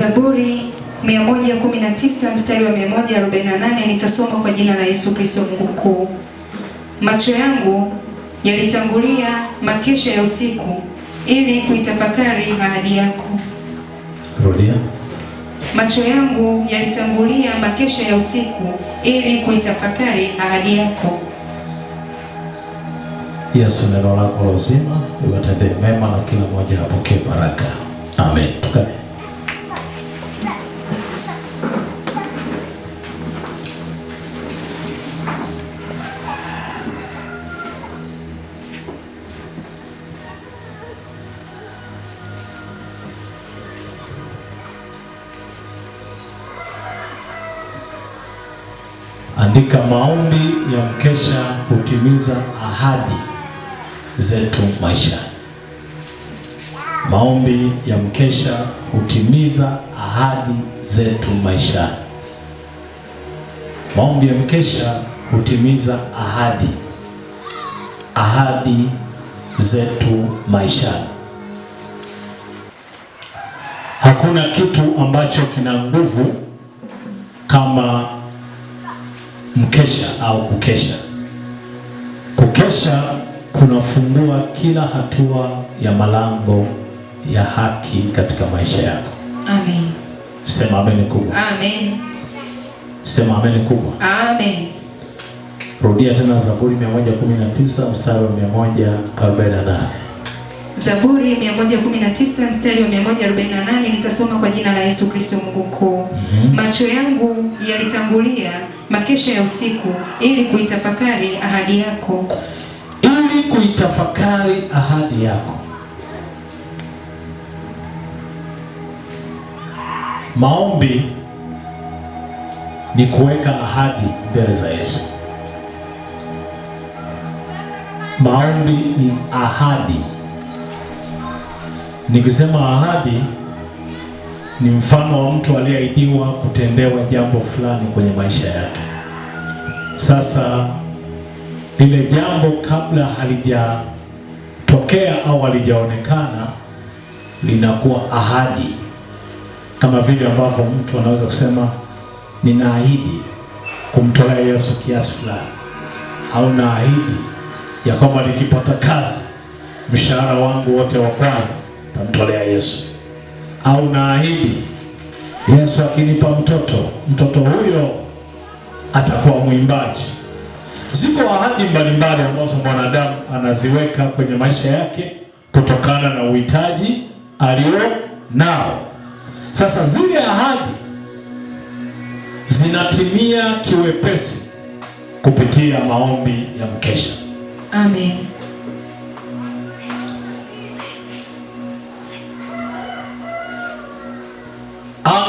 Zaburi 119 mstari wa 148, nitasoma kwa jina la Yesu Kristo Mungu mkuu. Macho yangu yalitangulia makesha ya usiku ili kuitafakari ahadi yako. Rudia. Macho yangu yalitangulia makesha ya usiku ili kuitafakari ahadi yako. Yesu, neno lako la uzima, liwatendee mema na kila mmoja apokee baraka. Amen. Tukae. katika maombi ya mkesha kutimiza ahadi zetu maisha Maombi ya mkesha kutimiza ahadi zetu maisha Maombi ya mkesha kutimiza ahadi ahadi zetu maisha Hakuna kitu ambacho kina nguvu kama mkesha au kukesha. Kukesha kunafungua kila hatua ya malango ya haki katika maisha yako. Amen. Sema amen kubwa. Amen. Sema amen kubwa. Amen. Rudia tena Zaburi 119 mstari wa 148. Zaburi ya 119 mstari wa 148 nitasoma kwa jina la Yesu Kristo Mungu Mkuu. Mm -hmm. Macho yangu yalitangulia makesha ya usiku ili kuitafakari ahadi yako. Ili kuitafakari ahadi yako. Maombi ni kuweka ahadi mbele za Yesu. Maombi ni ahadi Nikisema ahadi ni mfano wa mtu aliyeahidiwa kutendewa jambo fulani kwenye maisha yake. Sasa lile jambo kabla halijatokea au halijaonekana linakuwa ahadi, kama vile ambavyo mtu anaweza kusema ninaahidi kumtolea Yesu kiasi fulani, au naahidi ya kwamba nikipata kazi mshahara wangu wote wa kwanza tamtolea Yesu, au naahidi Yesu akinipa mtoto, mtoto huyo atakuwa mwimbaji. Ziko ahadi mbalimbali ambazo mwanadamu anaziweka kwenye maisha yake kutokana na uhitaji alio nao. Sasa zile ahadi zinatimia kiwepesi kupitia maombi ya mkesha. Amen.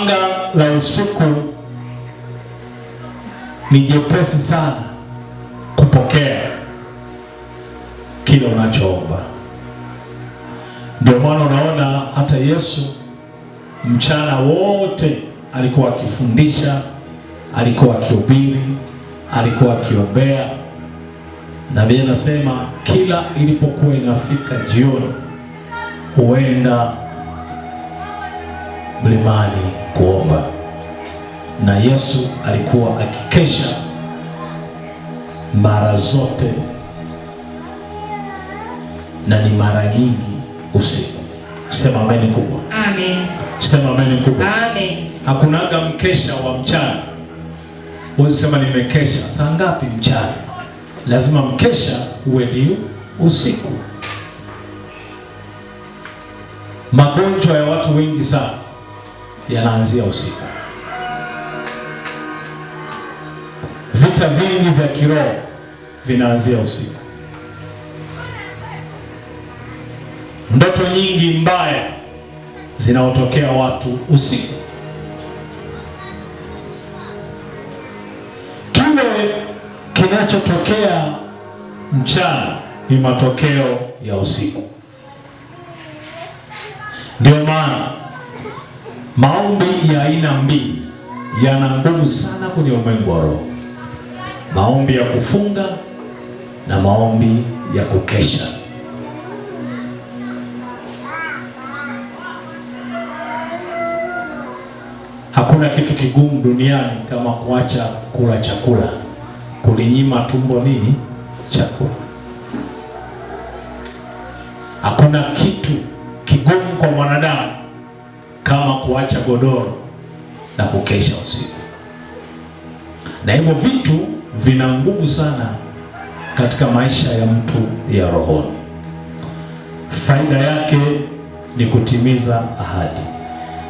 Anga la usiku ni jepesi sana kupokea kile unachoomba. Ndio maana unaona hata Yesu mchana wote alikuwa akifundisha, alikuwa akihubiri, alikuwa akiombea, na Biblia inasema kila ilipokuwa inafika jioni huenda mlimani kuomba, na Yesu alikuwa akikesha mara zote na ni mara nyingi usiku. Sema ameni kubwa, amen. Sema ameni kubwa, amen. Hakunaga mkesha wa mchana. Huwezi kusema nimekesha saa ngapi mchana, lazima mkesha uwe ni usiku. Magonjwa ya watu wengi sana yanaanzia usiku. Vita vingi vya kiroho vinaanzia usiku. Ndoto nyingi mbaya zinaotokea watu usiku. Kile kinachotokea mchana ni matokeo ya usiku. Ndio maana Maombi ya aina mbili yana nguvu sana kwenye ulimwengu wa roho: maombi ya kufunga na maombi ya kukesha. Hakuna kitu kigumu duniani kama kuacha kula chakula, kulinyima tumbo nini? Chakula. Hakuna kitu kigumu kwa mwanadamu kuacha godoro na kukesha usiku, na hivyo vitu vina nguvu sana katika maisha ya mtu ya rohoni. Faida yake ni kutimiza ahadi.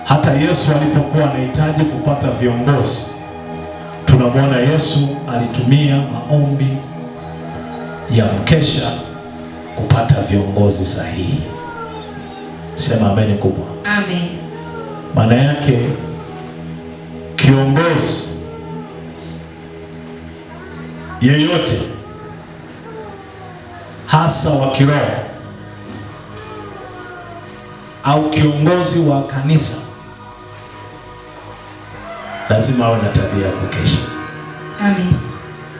Hata Yesu alipokuwa anahitaji kupata viongozi, tunamwona Yesu alitumia maombi ya mkesha kupata viongozi sahihi. Sema ameni kubwa, amen. Maana yake kiongozi yeyote hasa wa kiroho au kiongozi wa kanisa lazima awe na tabia ya kukesha. Amen.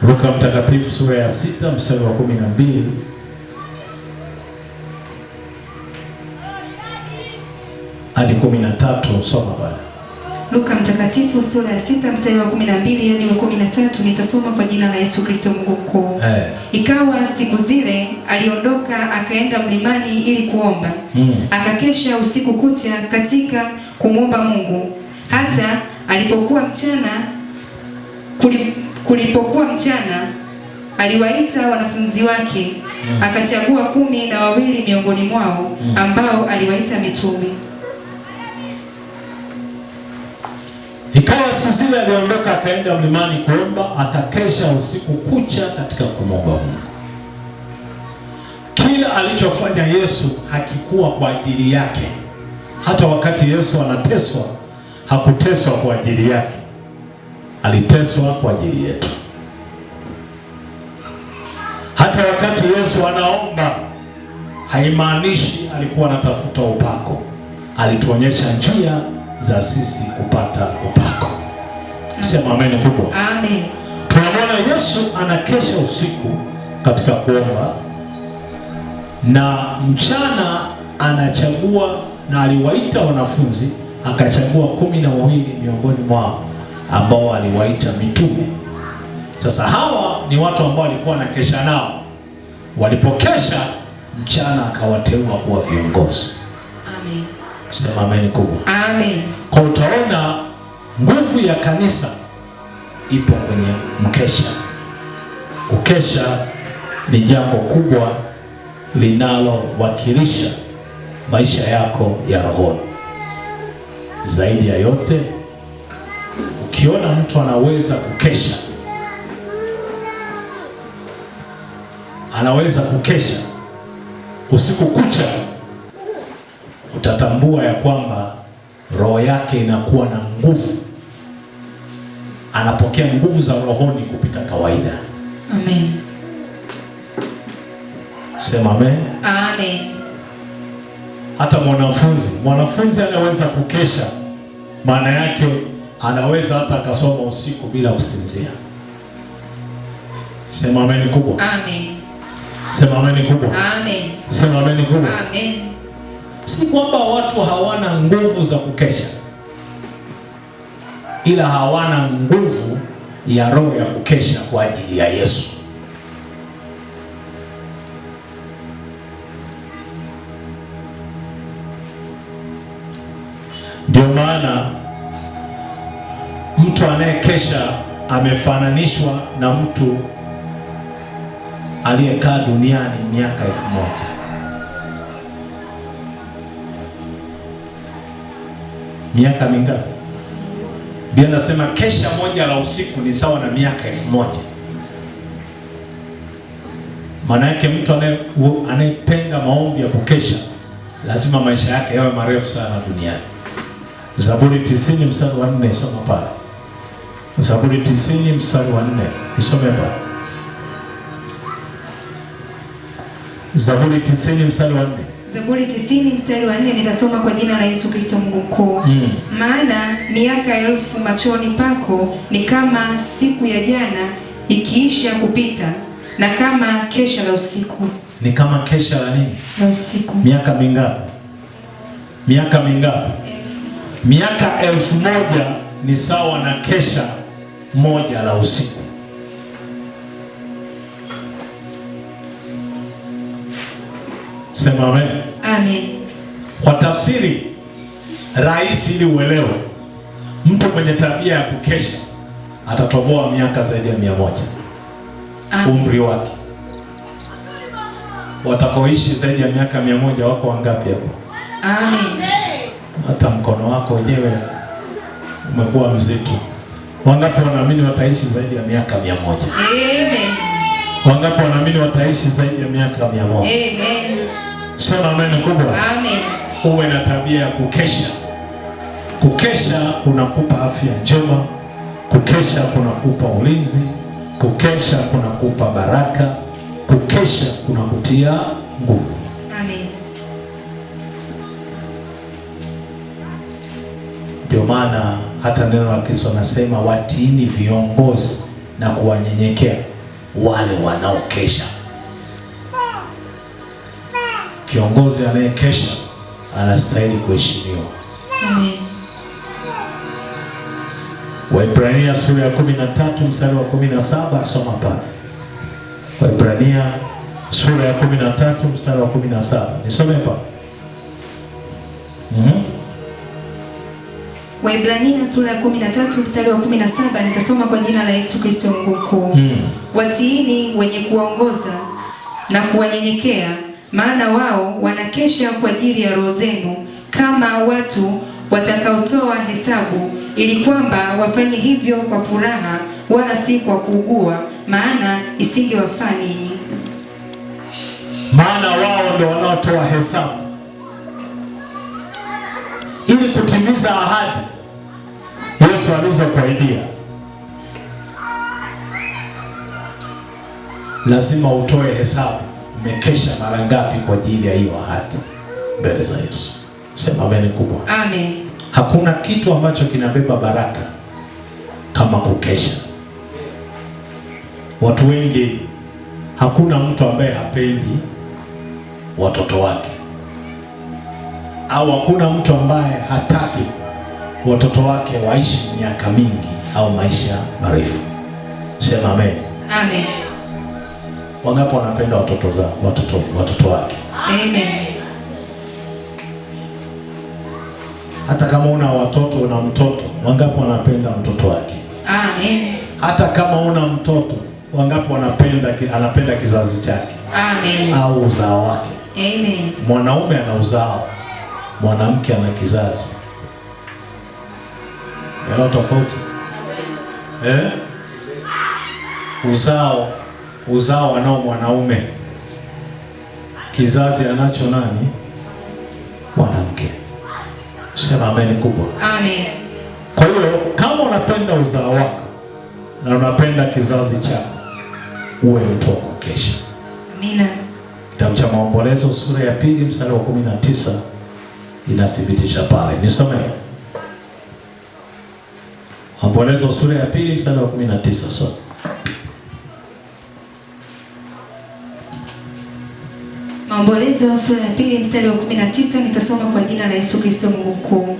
Luka Mtakatifu sura ya sita mstari wa kumi na mbili hadi 13 soma pale. Luka mtakatifu sura ya sita mstari wa 12 hadi wa 13, nitasoma kwa jina la Yesu Kristo Mungu mkuu. Hey. Eh. Ikawa siku zile aliondoka akaenda mlimani ili kuomba. Hmm. Akakesha usiku kucha katika kumwomba Mungu. Hata alipokuwa mchana kulipokuwa mchana aliwaita wanafunzi wake. Hmm. Akachagua kumi na wawili miongoni mwao hmm. ambao aliwaita mitume Ikawa siku zile aliondoka akaenda mlimani kuomba, akakesha usiku kucha katika kumwomba Mungu. Kila alichofanya Yesu hakikuwa kwa ajili yake. Hata wakati Yesu anateswa hakuteswa kwa ajili yake, aliteswa kwa ajili yetu. Hata wakati Yesu anaomba haimaanishi alikuwa anatafuta upako, alituonyesha njia za sisi kupata upako. Sema amen kubwa. Amen. Tunaona Yesu anakesha usiku katika kuomba na mchana anachagua, na aliwaita wanafunzi akachagua kumi na wawili miongoni mwao ambao aliwaita mitume. Sasa hawa ni watu ambao walikuwa kesha nao, walipokesha mchana akawateua kuwa viongozi. Amen. Sema amen kubwa. Amen. Kwa utaona nguvu ya kanisa ipo kwenye mkesha. Ukesha ni jambo kubwa linalowakilisha maisha yako ya rohoni. Zaidi ya yote, ukiona mtu anaweza kukesha, anaweza kukesha usiku kucha utatambua ya kwamba roho yake inakuwa na nguvu, anapokea nguvu za rohoni kupita kawaida. Amen. Sema amen. Amen. Hata mwanafunzi mwanafunzi anaweza kukesha, maana yake anaweza hata akasoma usiku bila usinzia. Sema amen kubwa. Amen. Sema amen kubwa. Amen. Sema amen kubwa. Amen. Si kwamba watu hawana nguvu za kukesha, ila hawana nguvu ya roho ya kukesha kwa ajili ya Yesu. Ndio maana mtu anayekesha amefananishwa na mtu aliyekaa duniani miaka elfu moja. miaka mingapi? Biblia nasema kesha moja la usiku ni sawa na miaka elfu moja. Maana yake mtu anayependa maombi ya kukesha lazima maisha yake yawe marefu sana duniani. Zaburi 90 mstari wa 4 isoma pale. Zaburi 90 mstari wa 4 isome pale. Zaburi 90 mstari wa 4. Zaburi tisini mstari wa nne nitasoma kwa jina la Yesu Kristo Mungu mkuu. Mm. Maana miaka elfu machoni pako ni kama siku ya jana ikiisha kupita na kama kesha la usiku. Ni kama kesha la nini? La usiku. Miaka mingapi? Miaka mingapi? Miaka elfu moja ni sawa na kesha moja la usiku. Sema amen. Amen. Kwa tafsiri rahisi ili uelewe, mtu mwenye tabia ya kukesha atatoboa miaka zaidi ya mia moja umri wake. watakoishi zaidi ya miaka mia moja wako wangapi hapo? Amen. Hata mkono wako wenyewe umekuwa mzito. Wangapi wanaamini wataishi zaidi ya miaka mia moja? Amen. Wangapi wanaamini wataishi zaidi ya miaka mia moja? Amen. Sema amen kubwa. Amen. Uwe na tabia ya kukesha. Kukesha kunakupa afya njema, kukesha kunakupa ulinzi, kukesha kunakupa baraka, kukesha kunakutia nguvu. Amen. Ndio maana hata neno la Kristo anasema watiini viongozi na kuwanyenyekea wale wanaokesha. Kiongozi anayekesha anastahili kuheshimiwa. Waibrania sura ya kumi na tatu mstari wa kumi na saba soma pale. Waibrania sura ya kumi na tatu mstari wa 17. Nisome pa. Mhm. Mm. Waibrania sura ya 13 mstari wa 17 nitasoma kwa jina la Yesu Kristo Mungu. Mm. Watiini wenye kuwaongoza na kuwanyenyekea maana wao wanakesha kwa ajili ya roho zenu kama watu watakaotoa hesabu, ili kwamba wafanye hivyo kwa furaha, wala si kwa kuugua, maana isingewafaa ninyi. Maana wao ndio wanaotoa hesabu ili kutimiza ahadi Yesu alizokuahidia. Lazima utoe hesabu mmekesha mara ngapi kwa ajili ya hiyo ahadi mbele za Yesu? Sema amen kubwa. Amen. Hakuna kitu ambacho kinabeba baraka kama kukesha. Watu wengi, hakuna mtu ambaye hapendi watoto wake, au hakuna mtu ambaye hataki watoto wake waishi miaka mingi au maisha marefu. Sema amen. Amen wangapi wanapenda watoto zao, watoto watoto wake? Amen. Hata kama una watoto una mtoto, wangapi wanapenda mtoto wake? Amen. Hata kama una mtoto, wangapi wanapenda anapenda kizazi chake? Amen. Au uzao wake? Amen. Mwanaume ana uzao, mwanamke ana kizazi. Yana tofauti eh? Uzao uzao wanao mwanaume, kizazi anacho nani? Mwanamke. Sema amen kubwa. Amen. Kwa hiyo kama unapenda uzao wako na unapenda kizazi chako, uwe mtu wa kukesha. Amina. Kitabu cha Maombolezo sura ya pili mstari wa 19 inathibitisha pale. Nisome. Maombolezo sura ya pili mstari wa 19 sasa. So. Maombolezo sura ya pili mstari wa kumi na tisa nitasoma kwa jina la Yesu Kristo Mungu Mkuu.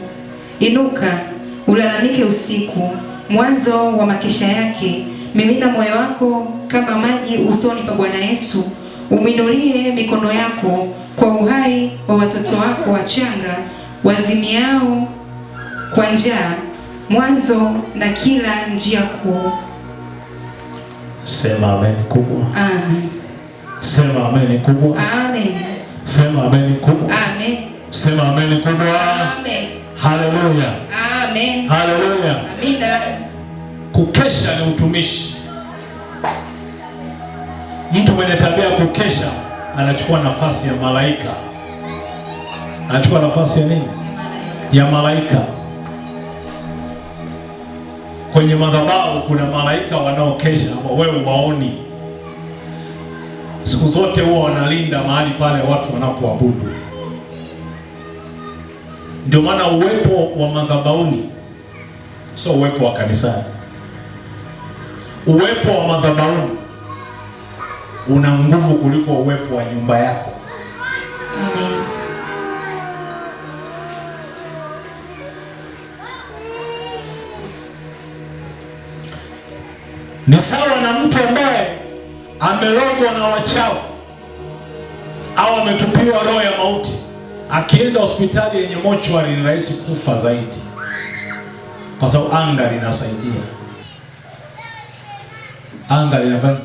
Inuka ulalamike usiku, mwanzo wa makesha yake. Mimina moyo wako kama maji usoni pa Bwana Yesu, umwinulie mikono yako kwa uhai wa watoto wako wachanga wazimiao kwa njaa, mwanzo na kila njia kuu. Sema amen kubwa. Amen. Sema ameni kubwa. Amen. Sema ameni kubwa. Amen. Sema ameni kubwa. Amen. Haleluya. Amen. Haleluya. Amina. Kukesha ni utumishi. Mtu mwenye tabia kukesha anachukua nafasi ya malaika. Anachukua nafasi ya nini? Ya malaika. Kwenye madhabahu kuna malaika wanaokesha, wewe waoni siku zote huwa wanalinda mahali pale watu wanapoabudu. Ndio maana uwepo wa madhabahuni sio uwepo wa kanisani. Uwepo wa madhabahuni una nguvu kuliko uwepo wa nyumba yako. Ni sawa na mtu ambaye amerogwa na wachawi au ametupiwa roho ya mauti, akienda hospitali yenye mochwari ni rahisi kufa zaidi, kwa sababu anga linasaidia, anga linafanya.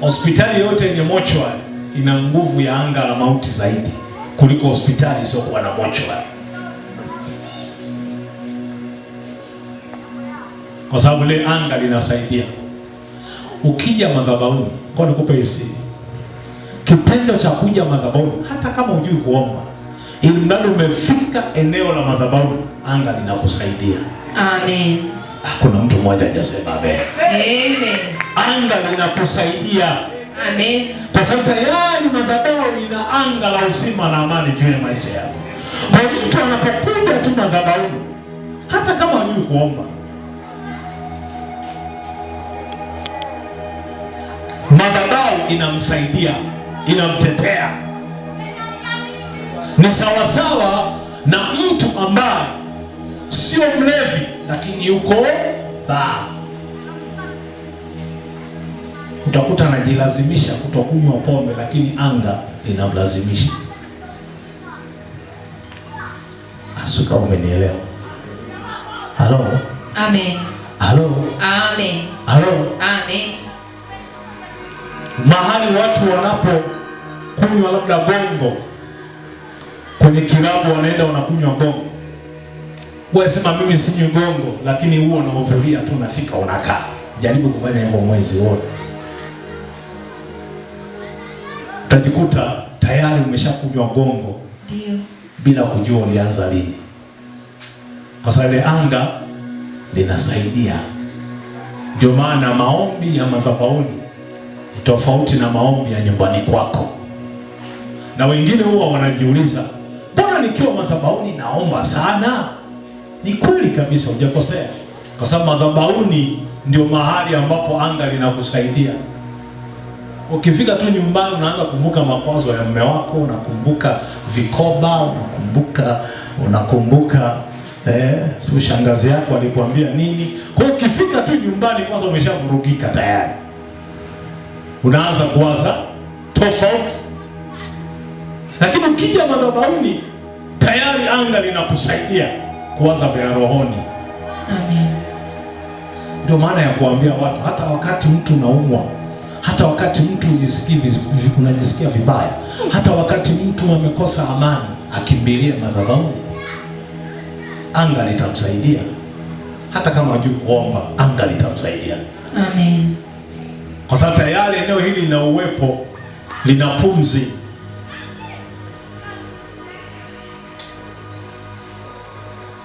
Hospitali yote yenye mochwari ina nguvu ya anga la mauti zaidi kuliko hospitali isiyokuwa na mochwari. kwa sababu ile anga linasaidia. Ukija madhabahuni, kwa nikupe hisi, kitendo cha kuja madhabahuni, hata kama hujui kuomba, ili mradi umefika eneo la madhabahu, anga linakusaidia. Amen. Hakuna mtu mmoja hajasema amen. Amen. Anga linakusaidia. Amen. Kwa sababu tayari madhabahu ina anga la uzima na amani juu ya maisha yako. Kwa hiyo mtu anapokuja tu madhabahuni, hata kama hajui kuomba madhabahu inamsaidia, inamtetea. Ni sawasawa na mtu ambaye sio mlevi, lakini yuko baa, utakuta anajilazimisha kutokunywa pombe, lakini anga linamlazimisha. Asuka, umenielewa? Halo, amen. Halo, amen. Halo, amen mahali watu wanapokunywa labda gongo kwenye kilabu, wanaenda wanakunywa gongo wasema mimi sinywi gongo, lakini huo unaohudhuria tu unafika unakaa. Jaribu kufanya hivyo mwezi wote, utajikuta tayari umeshakunywa gongo. Ndio. bila kujua ulianza lini, kwa sababu ile anga linasaidia. Ndio maana maombi ya madhabahuni tofauti na maombi ya nyumbani kwako. Na wengine huwa wanajiuliza, mbona nikiwa madhabahuni naomba sana? Ni kweli kabisa, hujakosea, kwa sababu madhabahuni ndio mahali ambapo anga linakusaidia. Ukifika tu nyumbani unaanza kumbuka makwazo ya mume wako, unakumbuka vikoba, unakumbuka unakumbuka eh, sio shangazi yako alikwambia nini. Kwa hiyo ukifika tu nyumbani kwanza umeshavurugika tayari unaanza kuwaza tofauti, lakini ukija madhabahuni tayari anga linakusaidia kuwaza vya rohoni. Amen. Ndio maana ya kuambia watu, hata wakati mtu unaumwa, hata wakati mtu unajisikia vibaya, hata wakati mtu amekosa amani, akimbilie madhabahuni, anga litamsaidia. Hata kama hajui kuomba, anga litamsaidia. Amen kwa sababu tayari eneo hili lina uwepo, lina pumzi.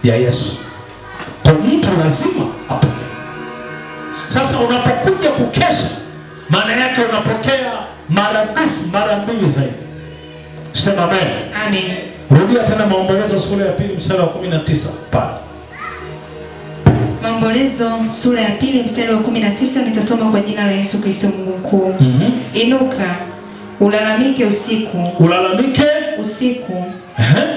ya Yesu. Kwa mtu lazima apokee. Sasa unapokuja kukesha, maana yake unapokea maradufu, mara mbili zaidi. Sema amen. Amen. Rudia tena Maombolezo sura ya pili mstari wa 19 pale. Maombolezo sura ya pili mstari wa kumi na tisa nitasoma kwa jina la Yesu Kristo Mungu mkuu. mm -hmm. Inuka ulalamike usiku, ulalamike usiku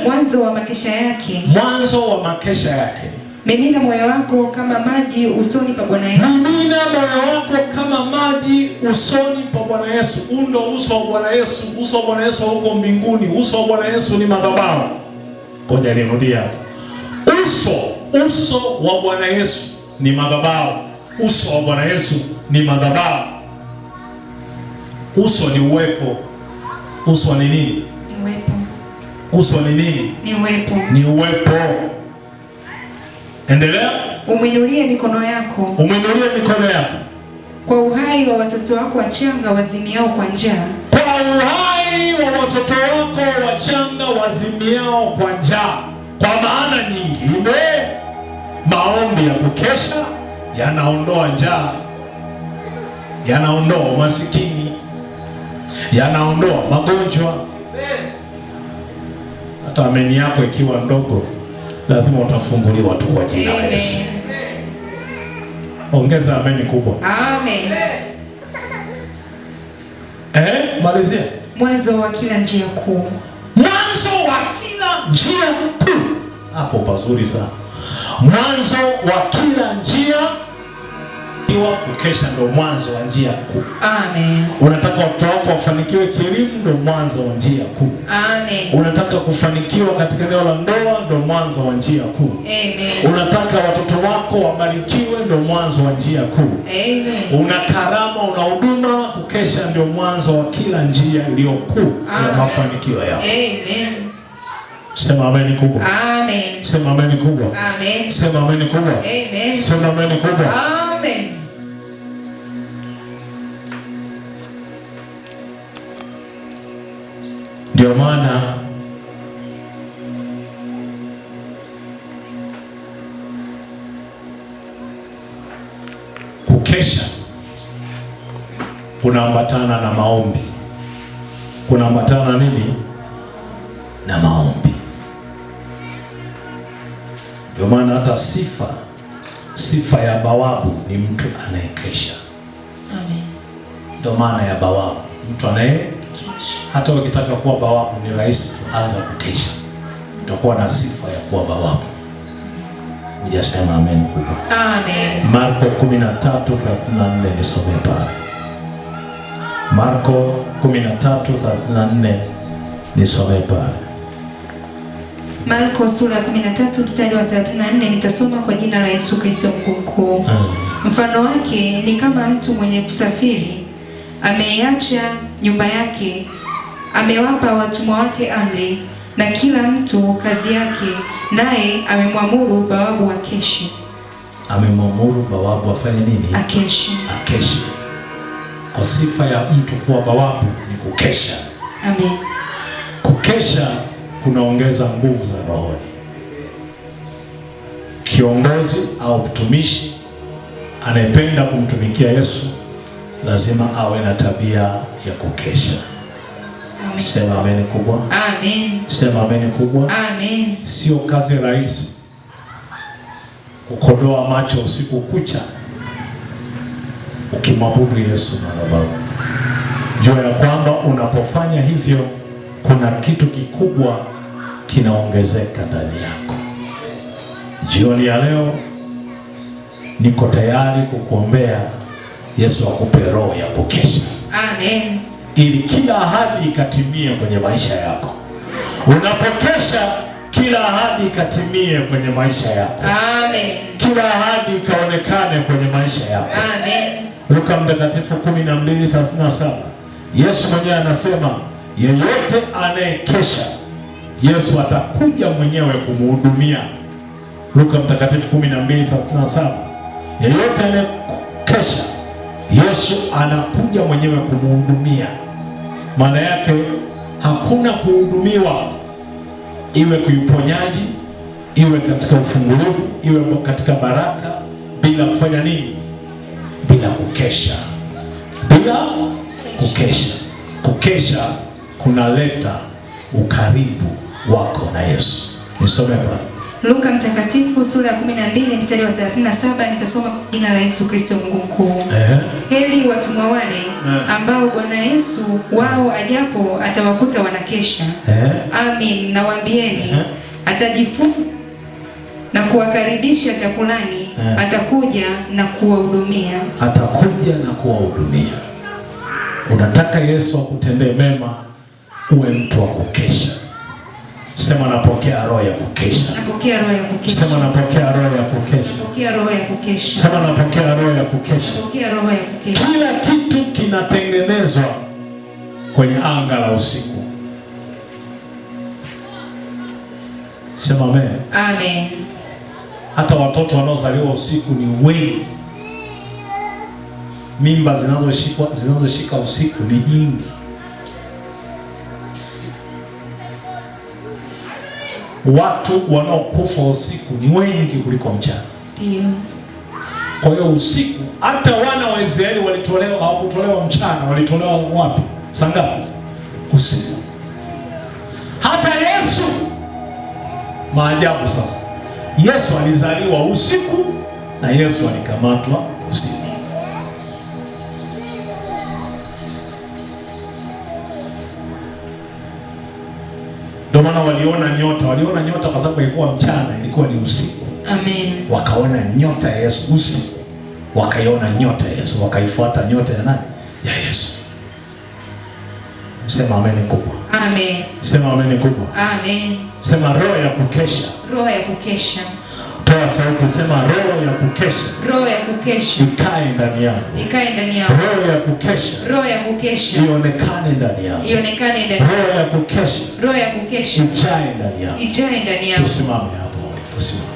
mwanzo wa makesha yake, mwanzo wa makesha yake. Mimina moyo wako kama maji usoni pa Bwana Yesu, mimina moyo wako kama maji usoni pa Bwana Yesu. Undo uso wa Bwana Yesu, uso wa Bwana Yesu huko mbinguni. Uso wa Bwana Yesu ni madhabahu. Ngoja nirudia, uso uso wa Bwana Yesu ni madhabahu. Uso wa Bwana Yesu ni madhabahu. Uso ni uwepo. Uso ni nini? uwepo. Uso ni nini? Ni uwepo. Ni uwepo. Endelea. Umwinulie mikono yako. Umwinulie mikono yako. Kwa uhai wa watoto wako wachanga wazimiao kwa njaa. Kwa uhai wa watoto wako wachanga wazimiao kwa njaa. Kwa maana nyingine maombi ya kukesha yanaondoa njaa, yanaondoa umasikini, yanaondoa magonjwa. Hata ameni yako ikiwa ndogo, lazima utafunguliwa tu kwa jina la Yesu. Ongeza ameni kubwa. Amen. Eh, malizia. Mwanzo wa kila njia kuu. Mwanzo wa kila njia kuu. Hapo pazuri sana. Mwanzo wa kila njia iwa kukesha, ndio mwanzo wa njia kuu. Amen. Unataka watoto wako wafanikiwe kielimu, ndio mwanzo wa njia kuu. Amen. Unataka kufanikiwa katika eneo la ndoa, ndio mwanzo wa njia kuu. Amen. Unataka watoto wako wabarikiwe, ndio mwanzo wa njia kuu. Amen. Una karama, una huduma, kukesha ndio mwanzo wa kila njia iliyo kuu ya mafanikio yao. Amen. Sema ameni kubwa. Amen. Sema ameni kubwa. Amen. Sema ameni kubwa. Amen. Sema ameni kubwa. Amen. Ndio maana kukesha kunaambatana na maombi, kunaambatana nini? Na maombi. Ndio maana hata sifa sifa ya bawabu ni mtu anayekesha. Amen. Ndio maana ya bawabu mtu anaye hata ukitaka kuwa bawabu ni rahisi, anza kukesha, utakuwa na sifa ya kuwa bawabu. Nijasema amen kubwa. Amen. Marko 13:34 nisome pale. Marko 13:34 nisome pale. Marko sura ya 13 mstari wa 34, nitasoma kwa jina la Yesu Kristo Mungu mkuu. Mfano wake ni kama mtu mwenye kusafiri, ameiacha nyumba yake, amewapa watumwa wake amri, na kila mtu kazi yake, naye amemwamuru bawabu keshi. Amemwamuru bawabu afanye nini? Akeshi, akeshi. Kwa sifa ya mtu kuwa bawabu ni kukesha. Amen. Kukesha kunaongeza nguvu za rohoni. Kiongozi au mtumishi anayependa kumtumikia Yesu lazima awe na tabia ya kukesha. Sema ameni kubwa. Amen. Sema ameni kubwa. Amen. Sio kazi rahisi kukodoa macho usiku kucha ukimwabudu Yesu madhabahu. Jua ya kwamba unapofanya hivyo kuna kitu kikubwa kinaongezeka ndani yako. Jioni ya leo niko tayari kukuombea Yesu akupe roho ya kukesha. Amen. Ili kila ahadi ikatimie kwenye maisha yako. Unapokesha kila ahadi ikatimie kwenye maisha yako. Amen. Kila ahadi ikaonekane kwenye maisha yako. Amen. Luka Mtakatifu 12:37. Yesu mwenyewe anasema yeyote anayekesha Yesu atakuja mwenyewe kumhudumia. Luka mtakatifu 12:37. Yeyote anayekesha, Yesu anakuja mwenyewe kumhudumia. Maana yake hakuna kuhudumiwa, iwe kuiponyaji, iwe katika ufungulivu, iwe katika baraka, bila kufanya nini? Bila kukesha, bila kukesha. Kukesha kunaleta ukaribu wako na Yesu. Nisome hapa Luka mtakatifu sura ya 12 mstari wa 37, nitasoma jina la Yesu Kristo Mungu mkuu. Eh. Heri watumwa wale ambao Bwana Yesu wao ajapo atawakuta wanakesha. Eh. Amin, nawaambieni eh. Atajifunga na kuwakaribisha chakulani eh. Atakuja na kuwahudumia, atakuja na kuwahudumia. Unataka Yesu akutendee mema, uwe mtu wa kukesha. Sema napokea roho ya kukesha. Napokea roho ya kukesha. Sema napokea roho ya kukesha. Napokea roho ya kukesha. Sema napokea roho ya kukesha. Napokea roho ya kukesha. Kila kitu kinatengenezwa kwenye anga la usiku. Sema amen. Amen. Hata watoto wanaozaliwa usiku ni wengi. Mimba zinazoshikwa zinazoshika usiku ni nyingi. watu wanaokufa usiku ni wengi kuliko mchana. Kwa hiyo usiku hata wana wa Israeli walitolewa, hawakutolewa mchana, walitolewa wapi? Sangapi? Usiku. Hata Yesu, maajabu sasa. Yesu alizaliwa usiku na Yesu alikamatwa usiku. waliona nyota, waliona nyota kwa sababu ilikuwa mchana, ilikuwa ni usiku. Amen. Wakaona nyota ya Yesu usiku, wakaiona nyota ya Yesu, wakaifuata nyota ya nani? Ya Yesu. Sema amen kubwa. Amen. Sema amen kubwa. Amen. Sema roho ya kukesha. Roho ya kukesha. Toa sauti, sema roho ya kukesha. Roho ya kukesha ikae ndani yako. Ikae ndani yako. Roho ya kukesha. Roho ya kukesha ionekane ndani yako. Ionekane ndani yako. Roho ya kukesha. Roho ya kukesha ijae ndani yako. Ijae ndani yako. Tusimame hapo. Tusimame.